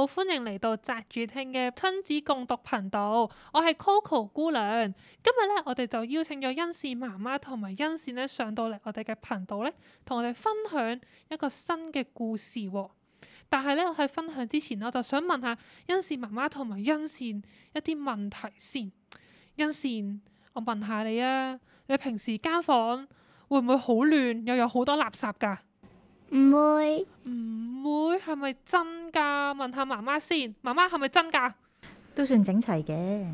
好歡迎嚟到《宅住聽》嘅親子共讀頻道，我係 Coco 姑娘。今日咧，我哋就邀請咗恩善媽媽同埋恩善咧上到嚟我哋嘅頻道咧，同我哋分享一個新嘅故事喎。但係咧，我喺分享之前咧，我就想問下恩善媽媽同埋恩善一啲問題先。恩善，我問下你啊，你平時間房會唔會好亂，又有好多垃圾噶？唔會，唔會係咪真噶？問下媽媽先，媽媽係咪真噶？都算整齊嘅。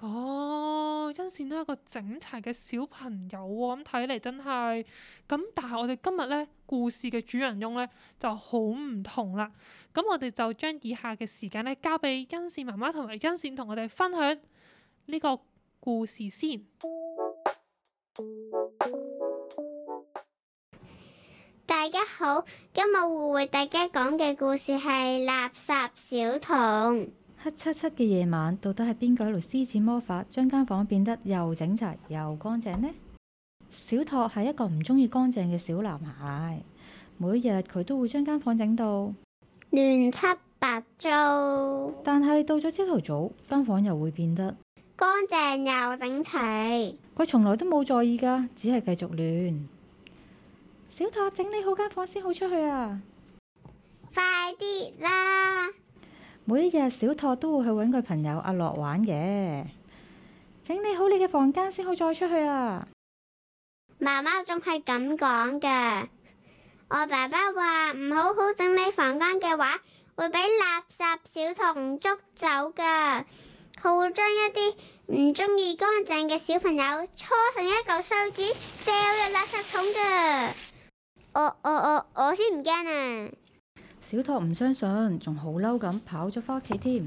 哦，恩善都係一個整齊嘅小朋友喎，咁睇嚟真係。咁但係我哋今日咧，故事嘅主人翁咧就好唔同啦。咁我哋就將以下嘅時間咧，交俾恩善媽媽同埋恩善同我哋分享呢個故事先。 大家好，今日會為大家講嘅故事係《垃圾小童》。黑漆漆嘅夜晚，到底係邊個喺度施展魔法將間房變得又整齊又乾淨呢？ 小托係一個唔中意乾淨嘅小男孩，每日佢都會將間房整到亂七八糟。但係到咗朝頭早，間房又會變得乾淨又整齊。佢從來都冇在意噶，只係繼續亂。小托整理好間房先好出去啊！快啲啦！每日小托都會去揾佢朋友阿樂玩嘅。整理好你嘅房間先好再出去啊！媽媽仲係咁講嘅。我爸爸話唔好好整理房間嘅話，會俾垃圾小童捉走噶佢會將一啲唔中意乾淨嘅小朋友搓成一嚿梳子，丟入垃圾桶噶我、我、我、我先唔驚啊！小托唔相信，仲好嬲咁跑咗返屋企添。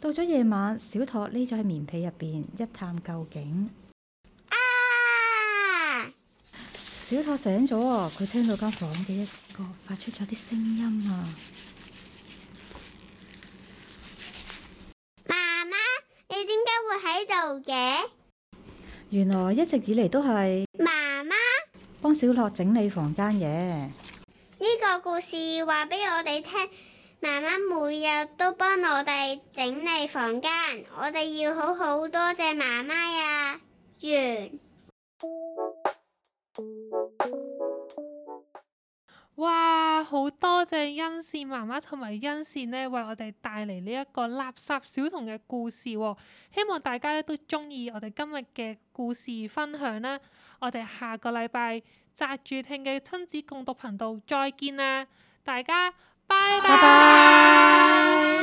到咗夜晚，小托匿咗喺棉被入邊一探究竟。啊！小托醒咗，佢聽到間房嘅一個發出咗啲聲音啊！媽媽，你點解會喺度嘅？原來一直以嚟都係。幫小樂整理房間嘅呢個故事話俾我哋聽，媽媽每日都幫我哋整理房間，我哋要好好多謝媽媽呀！完。多謝恩善媽媽同埋恩善咧，為我哋帶嚟呢一個垃圾小童嘅故事。哦，希望大家咧都中意我哋今日嘅故事分享啦！我哋下個禮拜宅住聽嘅親子共讀頻道再見啦！大家拜拜。拜拜。